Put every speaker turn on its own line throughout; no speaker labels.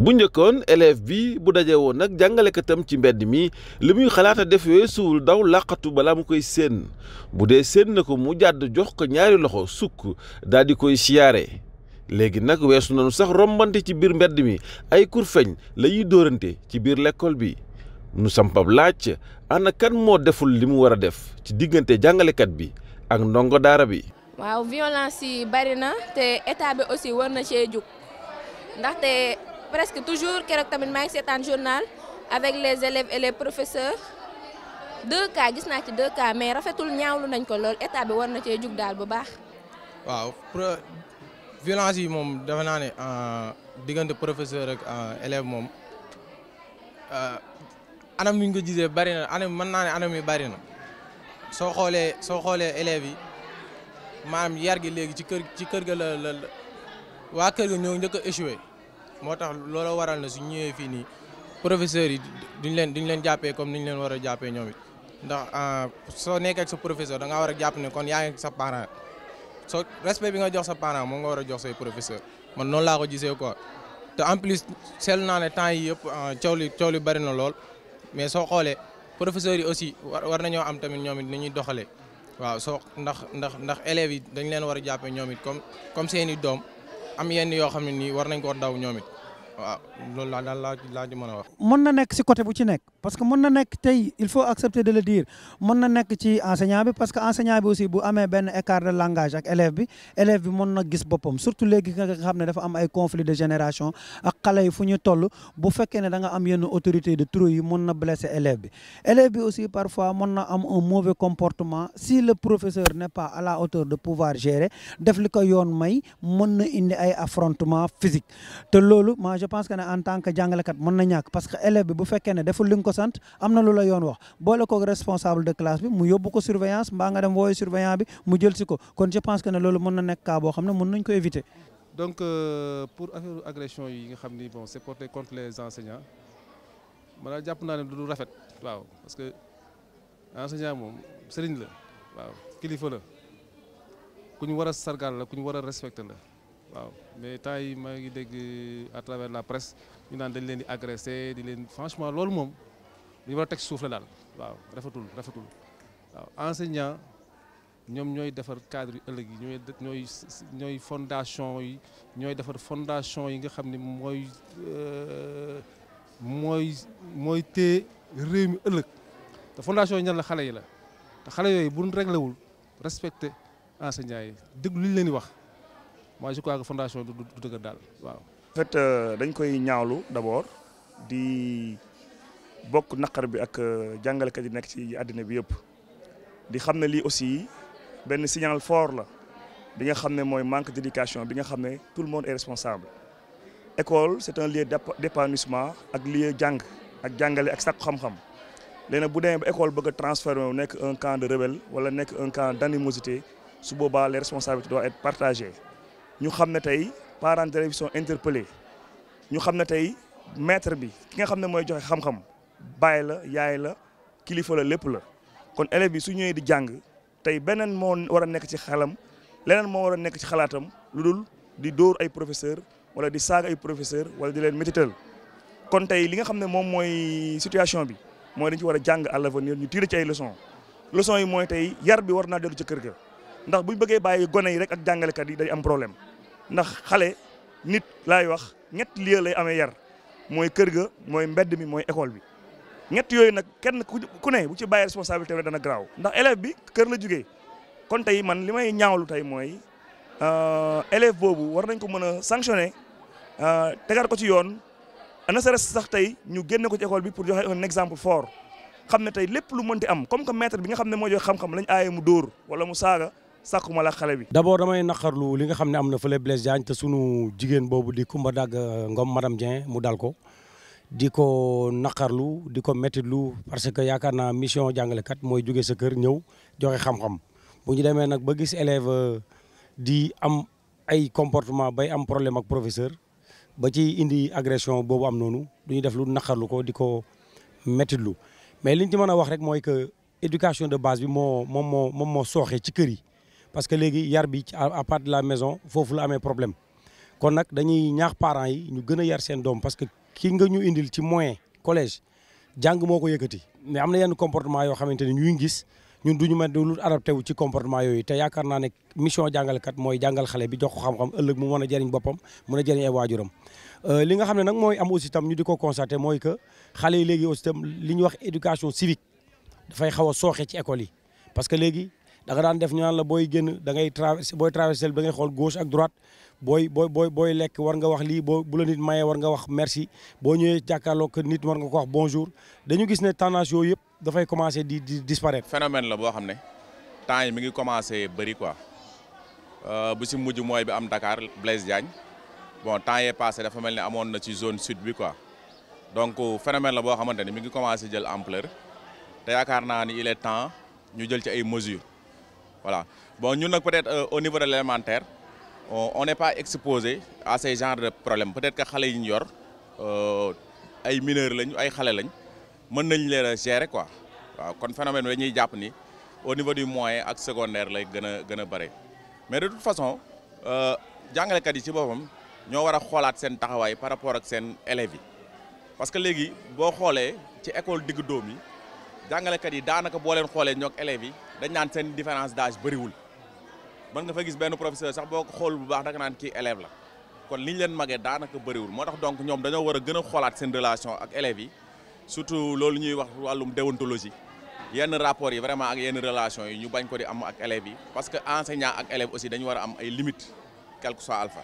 bu njëkkoon élève bi bu daje woon nag jàngalekatam ci mbedd mi li muy xalaata def weesuwul daw làqatu balaa mu koy séen bu dee séen na ko mu jàdd jox ko ñaari loxo sukk daal di koy siyaare léegi nag weesu nanu sax rombante ci biir mbedd mi ay kurfeñ la ñuy dóorante ci biir lekkool bi nu sampab laaj ana moo deful li mu war a def ci diggante jàngalekat bi ak ndongo daara bi.
waaw violence yi bari na te état bi aussi war na cee jug ndaxte. presque toujours keroog tamit maa ngi journal avec les élèves et les professeurs deux cas gis naa ci deux cas mais rafetul ñaawlu nañ ko lool état bi war na ci juk dal bu baax.
waaw violence yi moom defe naa euh diggante professeur ak euh, élève euh anam yu nga gisé gisee bari na anam mën naa ne anam yi bari na soo xoolee soo xoolee élèves yi maanaam yar gi légui ci kër ci kër ga la la waa kër ga ñoo ñëk a échoué. moo tax looloo waral na su ñëwee fii nii professeurs yi duñ leen duñ leen jàppee comme niñ leen war a jàppee ñoom it ndax ah, soo nekkee sa professeur da ngaa war a jàpp ne kon yaa ngi sa parent soo respect bi nga jox sa parent moom nga war a jox say professeur man noonu laa ko gisee ko te en plus seetlu naa ne temps yi yëpp ah, coow li coow li bari na lool mais soo xoolee professeurs yi aussi war nañoo am tamit ñoom it ni ñuy doxalee waaw soo ndax ndax ndax élèves yi dañ leen war a jàppee ñoom it comme comme seeni doom. am yenn yoo xam ne nii war nañ koo daw ñoom it waaw loolu laa daal laaj laa ci mën a wax. mën
na nekk si côté bu ci nekk. parce que mën nek tay il faut accepter de le dire mën nek ci enseignant bi parce que enseignant bi aussi bu amé ben écart de langage ak élève bi élève bi mën gis bopom surtout légui nga xamné dafa am ay conflit de génération ak xalé yi fu ñu toll bu fekkee ne da nga am yenn autorité de trop yi mën na blesser élève bi élève bi aussi parfois mën na am un mauvais comportement si le professeur n'est pas à la hauteur de pouvoir gérer def li ko may mën na indi ay affrontement physique te lolu moi je pense que en tant que jàngalekat mën na ñak parce que élève bi bu fekkee ne deful ko sant am na lu yoon wax boole ko responsable de classe bi mu yóbbu ko surveillance mbaa nga dem woy surveillant bi mu jël ci ko kon je pense que ne loolu mën na nek cas bo xamne mën nañ ko éviter.
donc euh, pour affaire agression yi nga xamni bon c'est porté contre les enseignants man daal jàpp naa ne du rafet. waaw parce que enseignant mom serigne la waaw kilifa la kuñ wara sargal la ku ñu respecter la. waaw mais temps yi maa ngi dégg à travers la presse ñu naan dañ leen di agresser di leen franchement loolu moom li wala tek teg dal waaw rafetul rafetul waaw enseignant ñom ñoy défar cadre yu ëllëg ñoy ñooy ñooy ñooy fondation yi ñoy défar fondation yi nga xamni moy mooy euh, moy mooy téye réew mi ëllëg te fondation yi ñan la xale yi la te xalé yoy buñu réglé wul respecté enseignants yi déglu li leen di wax moi je crois que fondation du dëgër dal
waaw. en fait euh, dañ koy ñaawlu d'abord di. Bok naqar bi ak euh, jàngalekat yi nek ci aduna bi yëpp di xam li aussi ben signal fort la bi nga xam moy mooy manque d'éducation bi nga xam tout le monde est responsable école c'est un lieu d'épanouissement ak lieu jang ak jangale ak sax xam-xam léegi bu demee école bëgg transformer wu un camp de rebelle wala nek un camp d'animosité su Boba les responsabilités doivent être partagées ñu xam tay parents d'élèves sont interpellés ñu xam tay maître bi ki nga xam moy joxe xam-xam bàyyi la yaay la kilifa la lépp la kon élève bi su ñëwee di jàng tey beneen moo war a nekk ci xelam leneen moo war a nekk ci xalaatam lu dul di dóor ay professeur wala di saaga ay professeur wala di leen métital kon tey li nga xam ne moom mooy situation bi mooy dañ ci war a jàng à l'avenir ñu tiire ci ay leson leson yi mooy tey yar bi war naa dellu ci kër ga ndax buñ bëggee bàyyi gone yi rek ak jàngalekat yi day am problème ndax xale nit laay wax ñett lieu lay amee yar mooy kër ga mooy mbedd mi mooy école bi ñett yooyu nag kenn ku ne bu ci bàyyi responsabilité bi dana garaaw ndax élève bi kër la jugee kon tey man li may ñaawlu tey mooy euh, élève boobu war nañ ko mën a sanctionner euh, tegaat ko ci yoon na sa sax tey ñu génne ko ci école bi pour joxe un exemple fort xam ne tey lépp lu mënti am comme que maître bi nga xam ne moo joxe xam-xam lañ aaye mu dóor wala mu saaga sàkkuma la xale bi.
d' abord damay naqarlu li nga xam ne am na fële Blaise Diagne te sunu jigéen boobu di Kumba Dagg Ngom madame Dieng mu dal ko. di ko naqarlu di ko mettitlu parce que yaakaar naa mission jàngalekat mooy jóge sa kër ñëw joxe xam-xam bu ñu demee nag ba gis élève euh, di am ay comportement bay am problème ak professeur ba ci indi agression boobu am noonu du ñu def lu naqarlu ko di ko mettitlu mais liñ ci mën a wax rek mooy que éducation de base bi moo moom moom moo sooxee ci kër yi parce que léegi yar bi à part de la maison foofu la amee problème kon nag dañuy ñaax parent yi ñu gën a yar seen doom parce que ki nga ñu indil ci moyen collège jàng moo ko yëkkati mais am na yenn comportement yoo xamante ni ñuy gis ñun duñu mel lu adapté wu ci comportement yooyu te yaakaar naa ne mission jàngalkat mooy jàngal xale bi jox xam-xam ëllëg mu mën a jariñ boppam mu a jëriñ ay waajuram euh, li nga xam ne nag mooy am aussi tam ñu di ko constaté mooy que xale yi léegi aussi tam li ñu wax éducation civique dafay xaw a sooxe ci école yi parce que léegi da nga daan def ñu naan la booy génn dangay ngay traversé booy traversé ba ngay xool gauche ak droite booy booy booy booy lekk war nga wax lii boo bu la nit mayee war nga wax merci boo ñëwee jàkkaarloo nit war nga ko wax bonjour dañu gis ne tendance yooyu yëpp dafay commencé di di disparaître.
phénomène la boo xam ne temps yi mi ngi commencé bëri quoi euh, bu si mujj mooy bi am Dakar Blaise Diagne bon temps yee passé dafa mel ne amoon na ci zone sud bi quoi donc phénomène la boo xamante ni mi ngi commencé jël ampleur te yaakaar naa ni il temps ñu jël ci ay mesures. Voilà. Bon, nous, peut-être euh, au niveau de l'élémentaire, on n'est pas exposé à ces genres de problèmes. Peut-être que les enfants, sont des mineurs, des enfants, ils peuvent les gérer. Quoi. Donc, le phénomène est japonais. Au niveau du moyen et secondaire, lay gën a gën mais de toute façon euh, jàngalekat yi ci boppam ñoo war a xoolaat seen taxawaay par rapport ak seen élèves yi parce que maintenant, si vous ci école diggu doom kat yi danaka bo len xolé ñok élève yi dañ nan sen différence d'âge wul man nga fa gis benn professeur sax boko xol bu baax da nga nan ki élève la kon liñ len magé danaka bari wul motax donc ñom dañu wara gëna xolaat sen relation ak élève yi surtout loolu ñuy wax walum déontologie yenn rapport yi vraiment ak yenn relation yi ñu bañ ko di am ak élève yi parce que enseignant ak élève aussi dañu wara a am ay limite quel que soit alpha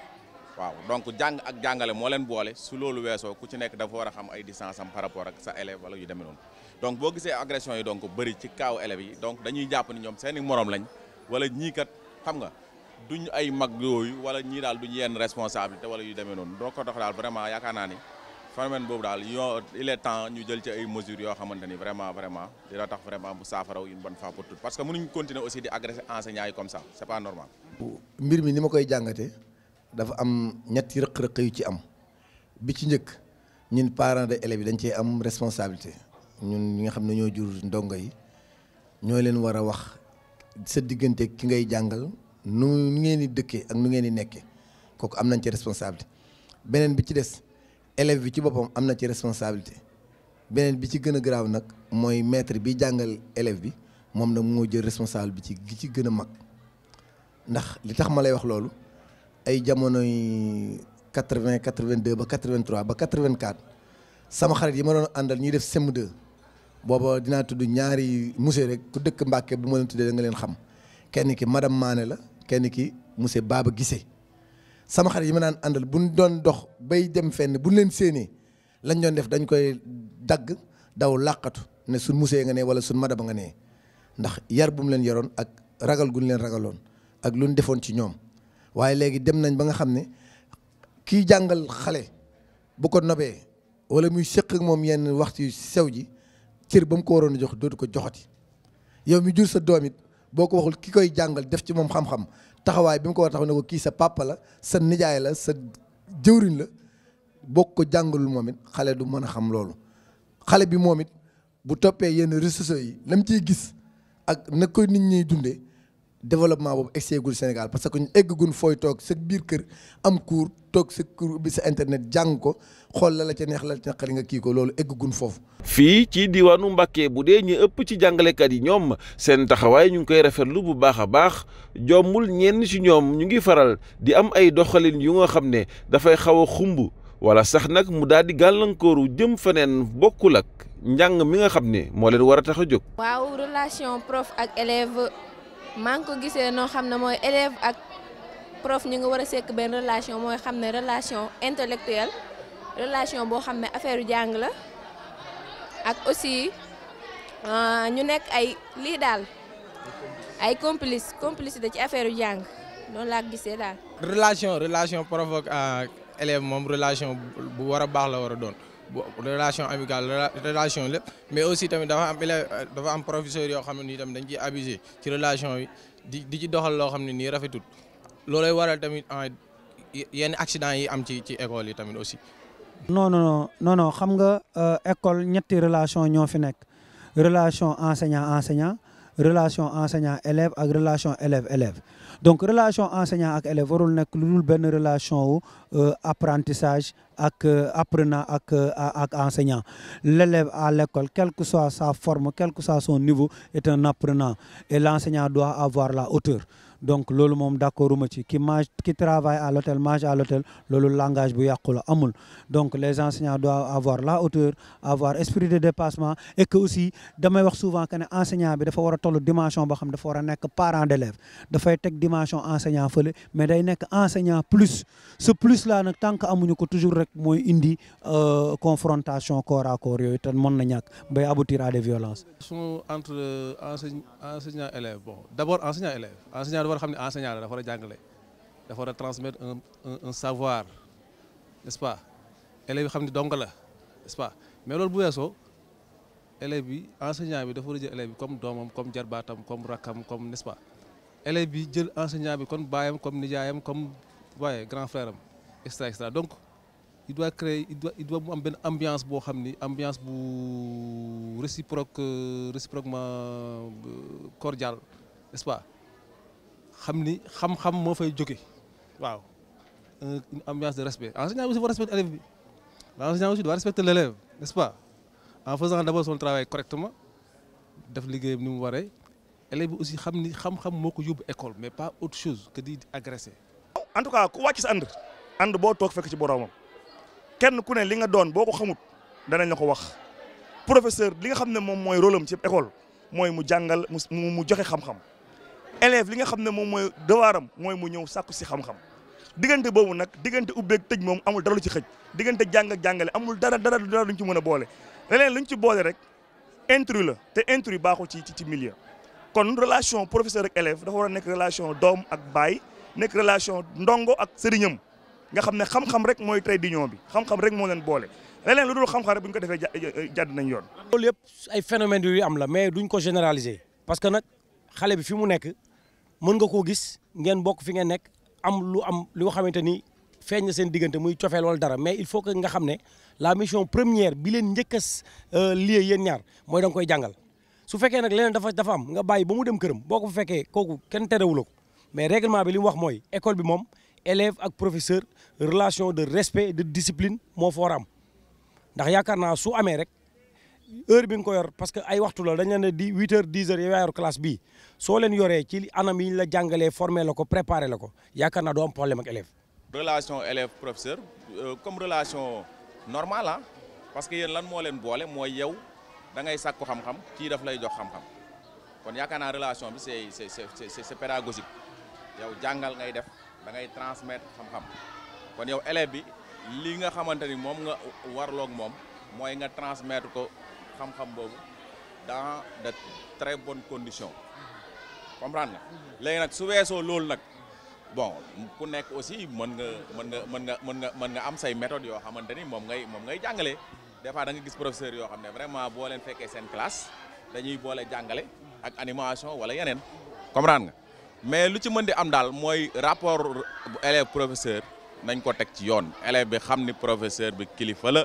waaw donc jang ak jangale mo len bolé su loolu wesso ku ci nek da fa wara xam ay distance am par rapport ak sa élève wala yu demee non donc boo gisee agression yi donc bëri ci kaaw élèves yi donc dañuy jàpp ni ñoom seeni moroom lañ wala ñii kat xam nga duñ ay mag yooyu wala ñii daal duñ yenn responsabilité wala yu demee noonu doo ko dox daal vraiment yaakaar naa ni phénomène boobu daal yoo il temps ñu jël ci ay mesures yoo xamante ni vraiment vraiment dina tax vraiment bu saafaraw une bonne fois pour parce que mënuñ continuer aussi di agresser enseignants yi comme ça c'est pas normal.
mbir mi ni ma koy jàngatee dafa am ñetti rëq-rëq yu ci am bi ci njëkk ñun parents de élèves yi am responsabilité. ñun ñi nga xam ne ñoo jur ndongo yi ñoo leen war a wax sa diggante ki ngay jàngal nu ngeen di dëkkee ak nu ngeen di nekkee kooku am nañ ci responsabilité beneen bi ci des élève bi ci boppam am na ci responsabilité beneen bi ci gën a garaaw nag mooy maître bi jàngal élève bi moom nag moo jël responsable bi ci gi ci gën a mag ndax li tax ma lay wax loolu ay jamonoy 80 82 ba 83 ba 84 sama xarit yi ma doon àndal ñuy def sem 2 booba dinaa tudd ñaari monsieur rek ku dëkk Mbàkke bu ma leen tuddee da leen xam kenn ki madame Mané la kenn ki monsieur baaba Gissé sama xarit yi ma naan àndal buñ doon dox bay dem fenn bu buñ leen séenee lañ doon def dañ koy dagg daw làqatu ne suñ monsieur nga ne wala suñ ba nga ne ndax yar bu mu leen yoroon ak ragal gu ñu leen ragaloon ak lu ñu defoon ci ñoom waaye léegi dem nañ ba nga xam ne kii jàngal xale bu ko nobee wala muy sëq moom yenn waxtu sew ji cër ba mu ko waroon a jox dootu ko joxati yow mi jur sa doom boo ko waxul ki koy jàngal def ci moom xam-xam taxawaay bi mu ko war a ne ko kii sa papa la sa nijaay la sa jëwriñ la boo ko jàngalul moom it xale du mën a xam loolu. xale bi moom it bu toppee yenn réseaux yi lam ciy gis ak na ko nit ñiy dundee développement boobu egseegul Sénégal parce que ñu eggagun fooy toog sa biir kër am cours toog sa cours internet jàng ko xool la la ca neex la ca naqari nga kii ko loolu eggagun foofu.
fii ci diwaanu Mbàkke bu dee ñu ëpp ci jàngalekat yi ñoom seen taxawaay ñu ngi koy rafetlu bu baax a baax jombul ñenn ci ñoom ñu ngi faral di am ay doxalin yu nga xam ne dafay xaw a xumb wala sax nag mu daal di gàllankooru jëm feneen bokkul ak njàng mi nga xam ne moo leen war a tax a jóg.
waaw relation prof ak élève maa ngi ko gisee noo xam ne mooy élève ak prof ñu ngi war a sekk benn relation mooy xam ne relation intellectuelle relation boo xam ne affaire jàng la ak aussi euh, ñu nekk ay lii daal ay complice complicité ci affaire jàng noonu laa gisee daal.
relation relation prof ak euh, élève moom relation bu war a baax la war a doon. relation amicale relation mais aussi tamit dafa am élève euh, dafa am professeur yo xamni tamit dañ ci abuser ci relation di di ci doxal lo xamni ni nii lolay waral tamit yenn accident yi am ci ci école yi tamit aussi.
non non non non xam nga euh, école ñetti relation ño fi nek relation enseignant enseignant relation enseignant élève avec relation élève élève donc relation enseignant avec élève il nekk nous relation euh, apprentissage avec euh, apprenant avec euh, enseignant l'élève à l'école quelle que soit sa forme quel que soit son niveau est un apprenant et l'enseignant doit avoir la hauteur donc loolu mom d'accorduma ci qui mange qui travaille à l'hôtel mange à l'hôtel loolu langage bu yàqu la amul donc les enseignants doivent avoir la hauteur avoir esprit de dépassement et que aussi damay wax souvent que ne enseignant bi dafa war a dimension bo xam dafa war a nekk parent d'élève fay tek dimension enseignant feulé mais day nek enseignant plus ce plus là nak tant que amuñu ko toujours rek moy indi euh, confrontation corps à corps yoy tan mën na bay aboutir à des violences.
sont entre euh, enseignant enseignant élève bon d'abord enseignant élève enseignant war a enseignant la dafa war a dafa transmettre un un savoir n'est-ce pas élèves xamni xam dong la n'est-ce pas mais lolou bu wesso élève bi enseignant bi dafa war jël élève bi comme domam comme jarbatam comme rakam comme n'est-ce pas élève bi jël enseignant bi comme bayam comme nijaayam comme waaye grand frère am extra donc il doit créer il doit il doit mu am ambiance bo xamni ambiance bu réciproque euh, réciproquement euh, cordiale n'est-ce pas xam ni xam-xam moo fay jóge waaw euh, une ambiance de respect l'enseignant aussi doit respecter l'élève bi l'enseignant aussi doit respecter l'élève n'est-ce pas en faisant d'abord son travail correctement def liggéeyam ni mu waree élève bi aussi xam ni
xam-xam moo ko yóbbu école mais pas autre chose que di agresser. en tout cas ku wàcc sa ànd ànd boo toog fekk ci boroomam kenn ku ne li nga doon boo ko xamut danañ la ko wax professeur li nga xam ne moom mooy rôle am ci école mooy mu jàngal mu joxe xam élève li nga xamné mom moy mooy moy mu ñew sàkku ci xam-xam diggante boobu nag diggante ubbeeg tej mom amul dara lu ci xëj digënté jàng ak jàngale amul dara dara dara luñ ci mëna bolé boole luñ ci bolé rek intrus la té intrus baaxu ci ci milieu kon relation professeur ak élève dafa wara a nekk relation doom ak bay nekk relation ndongo ak sëriñam nga xamné xam-xam rek mooy trait d'union bi xam-xam rek mo leen bolé leneen lu dul xam-xam rek buñ ko défé jadd nañ
yoon. loolu yëpp ay phénomène yu am la mais duñ ko généraliser parce que nak xalé bi fi mu nekk. mën nga koo gis ngeen bokk fi ngeen nekk am lu am loo xamante ni feeñ na seen diggante muy cofeel wala dara mais il faut que nga xam ne la mission première bi leen njëkk a euh, lié yéen mooy da nga koy jàngal su fekkee nag leneen dafa dafa am nga bàyyi ba mu dem këram boo ko fekkee kooku kenn terewula ko mais règlement bi li wax mooy école bi moom élève ak professeur relation de respet de discipline moo fa am ndax yaakaar naa su amee rek heure bi nga ko yor parce que ay waxtu la dañ leen ne huit heures dix heures yow yor classe bii soo leen yoree ci anam yi ñu la jàngalee formé la ko préparé la ko yaakaar naa doo am problème ak élève
relation élève professeur euh, comme relation normale ah parce que yéen lan moo leen boole mooy yow dangay ngay sàkku xam-xam kii daf lay jox xam-xam kon yaakaar naa relation bi c'est c'est c'est yow jàngal ngay def da ngay transmettre élève bi li nga xamante ni moom nga warloog moom mooy nga transmettre ko xam-xam boobu dans de très bonnes conditions comprendre nga léegi nag su weesoo loolu nag bon ku nekk aussi mën nga mën nga mën nga mën nga mën nga am say méthode yoo xamante ni moom ngay moom ngay jàngalee des fois da nga gis professeur yoo xam ne vraiment boo leen fekkee seen classe dañuy boole jàngale ak animation wala yeneen comprendre nga mais lu ci mën di am daal mooy rapport élève professeur nañ ko teg ci yoon élève bi xam ni professeur bi kilifa la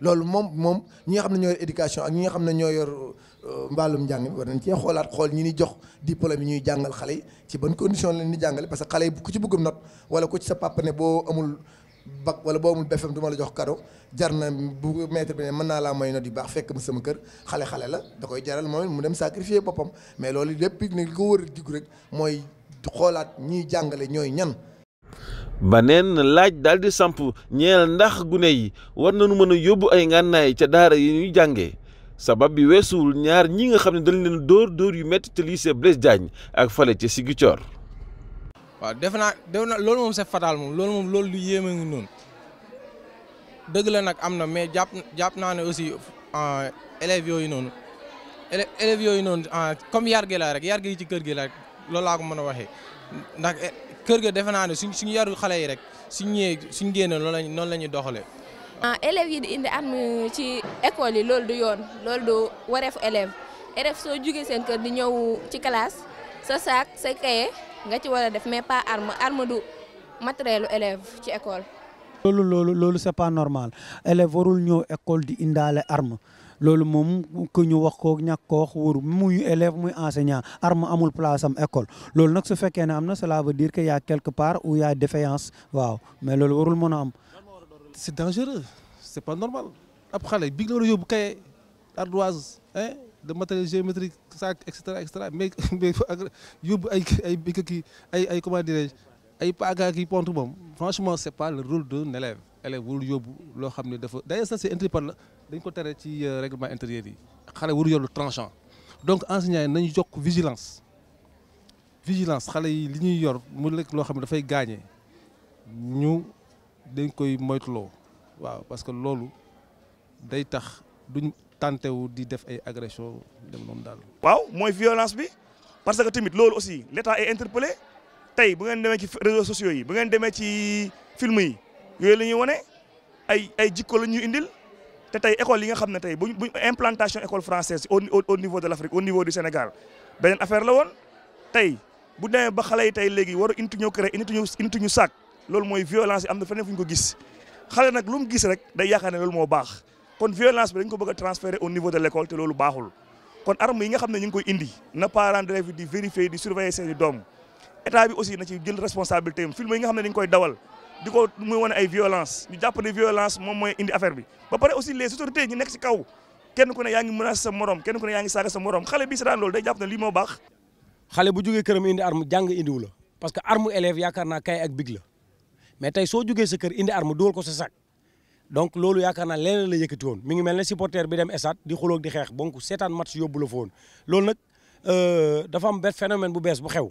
loolu moom moom ñi nga xam ne ñoo yor éducation ak ñi nga xam ne ñoo yor euh, mbaalum njàng mi war nañ cee xoolaat xool ñi ni jox di diplôme yi ñuy jàngal xale yi ci ban condition leen di jàngale parce que xale yi ku ci bëggum wala ku ci sa papa ne amul bac wala boo amul BFEM la jox cadeau jar na bu maître bi mën naa laa moy note yu baax fekk ma sama kër xale-xale la da koy jaral mooy mu dem sacrifier boppam mais loolu lépp ne li ko war a diggu rek mooy xoolaat ñiy jàngale ñooy ñan
baneen laaj daal di samp ñeel ndax gune yi war na nañu mën a yóbbu ay ngànnaay ca daara yi ñuy jànge sabab bi weesuwul ñaar ñi nga xam ne dañ leen dóor dóor yu métti te lycée Blaise Diagne ak fale ca Ziguinchor.
waaw def naa def na loolu moom c'est fatal moom loolu moom loolu lu yéeme ngi noonu dëgg la nag am na mais jàpp jàpp naa ne aussi euh, élèves yooyu noonu élèves yooyu noonu euh, comme yar gi la rek yar gi ci kër gi la rek loolu laa ko mën a waxee ndax. kër ga defe naa ne suñ suñu yarul xale yi rek suñ ñëwee suñ génne noonu la noonu la ñuy doxalee.
Ah, élèves yi di indi arme ci école yi loolu du yoon loolu du wareefu élève élève soo jugee seen kër di ñëw ci classe sa saak sa kaye nga ci war a def mais pas arme arme du matérielu élève ci école.
loolu loolu loolu c'est pas normal élève warul ñëw école di indaale arme. lolou mom que ñu wax ko ñak ko wax wóoru muy élève muy enseignant arme amul place am école lolou nak su fekké né amna cela veut dire que y a quelque part où y a défaillance waaw mais lolou warul mëna am. c'est dangereux
c'est pas normal ap xalé bi loolu yóbbu kaye ardoise hein de matériel géométrique sac et cetera mais mais yóbbu ay ay ay ay comment dirais-je ay paaka ki pont moom franchement c'est pas le rôle d'un élève élève warul yóbbu loo xam ne dafa d'ailleurs ça c'est interdit par la dañ ko tere ci euh, règlement intérieur yi xale warul yor lu tranchant donc enseignants yi nañu jokk vigilance vigilance xale yi li ñuy yor mu nekk loo xam ne dafay gaañee ñu dañ koy moytuloo waaw parce que loolu day
tax duñ tantewu di def ay agression dem noonu daal waaw mooy violence bi parce que tamit loolu aussi l'État est interpellé tey bu ngeen demee ci réseaux yi bu ngeen demee ci film yi yooyu la ñuy wane ay ay jikko la indil te tey école yi nga xam ne tey buñ buñ implantation école française au niveau de l' Afrique au niveau du Sénégal beneen affaire la woon tey bu demee ba xale yi tey léegi war a intu ñu créé intu ñu intu saak loolu mooy violence yi am na feneen fu ñu ko gis xale nag lu mu gis rek day yaakaar ne loolu moo baax kon violence bi dañ ko bëgg a transférer au niveau de l' te loolu baaxul ngi koy indi na parents d'élèves di vérifier état bi aussi na ci jël responsabilité am film yi nga xam ne dañ koy dawal di ko muy wane ay violence ñu jàpp ne violence moom mooy indi affaire bi ba pare aussi les autorités ñu nekk ci kaw kenn ku ne yaa ngi menacer sa morom kenn ku ne yaa ngi saaga sa morom xale bi si daan loolu day jàpp ne lii moo baax. xale bu jógee këram indi arme jàng indiwu la parce que arme élève yaakaar naa kay ak big la
mais tey soo jógee sa kër indi arme dóol ko sa sac donc loolu yaakaar naa la yëkkati woon mi ngi mel ne supporter bi dem estade di xulóog di xeex donc seetaan la fa loolu nag euh, dafa am benn phénomène bu bees bu xew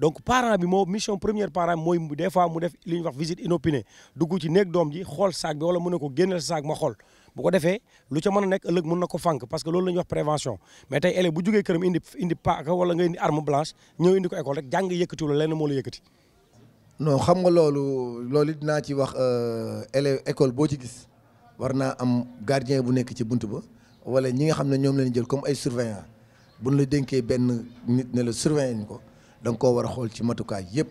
donc parent bi moo mission première parent moy des fois mu def liñ wax visite inopinée dugg ci nek dom ji xol sac bi wala mën na ko génneel sac ma xol bu ko defee lu ca mëna nek ëlëk mëna ko fank parce que loolu lañ wax prévention mais tay élève bu joggé kërëm indi indi paaka wala nga indi arme blanche ñëw indi ko école rek jang jàng lu lén mo la yëkëti
non xam nga loolu loolu dinaa ci wax euh élève école bo ci gis warna am gardien bu nek ci buntu ba wala ñi nga xam ñom lañ jël comme ay surveillant buñ la dénké ben nit ne le surveillant ko. da nga koo war a xool ci matukaay yëpp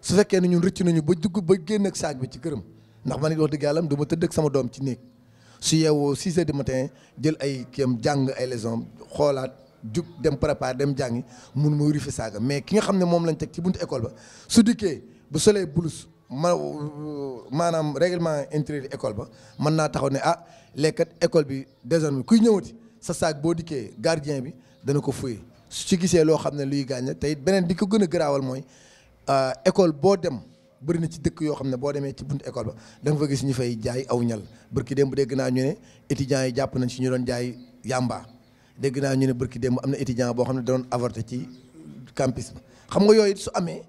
su fekkee ne ñun rëcc nañu ba dugg ba génn ak saag bi ci këram ndax man it wax dëgg yàlla du ma tëdd ak sama doom ci néeg su yeewoo 6 heures matin jël ay kéem jàng ay leçons xoolaat jug dem préparer dem jàngi mun muy rufe saaga mais ki nga xam ne moom lañ teg ci buntu école ba su dikkee bu solee blouse ma maanaam règlement intérieur école ba mën naa taxaw ne ah lekkat école bi désormais kuy ñëwati sa saag boo dikkee gardien bi dana ko fuyee. su ci gisee loo xam ne luy gaañ te tey beneen di ko gën a garaawal mooy euh, école boo dem bëri na ci dëkk yoo xam ne boo demee ci buntu école ba da nga fa gis ñu fay jaay aw ñal bërki démb dégg naa ñu ne étudiants yi jàpp nañ ci ñu doon jaay yàmba dégg naa ñu ne bërki démb am na étudiant boo xam ne doon avorté ci campus ba xam nga yooyu su amee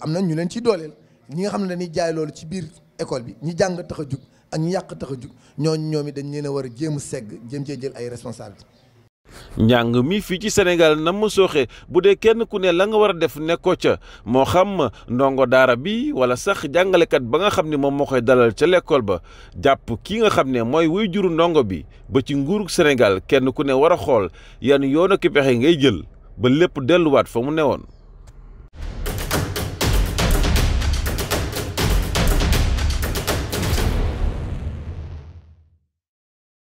am na ñu leen ciy dooleel ñi nga xam ne dañuy jaay loolu ci biir école bi ñi jàng tax a jug ak ñi yàq tax a jug ñooñu ñoom it dañ leen a war a jéem a segg jéem cee jël ay responsabilités
njàng mi fii ci Sénégal na mu sooxe bu dee kenn ku ne la nga war a def nekkoo ca moo xam ndongo daara bi wala sax jàngalekat ba nga xam ne moom moo koy dalal ca lekkool ba jàpp kii nga xam ne mooy wuy juru ndongo bi ba ci nguurug Sénégal kenn ku ne war a xool yan yoon ak pexe ngay jël ba lépp delluwaat fa mu ne woon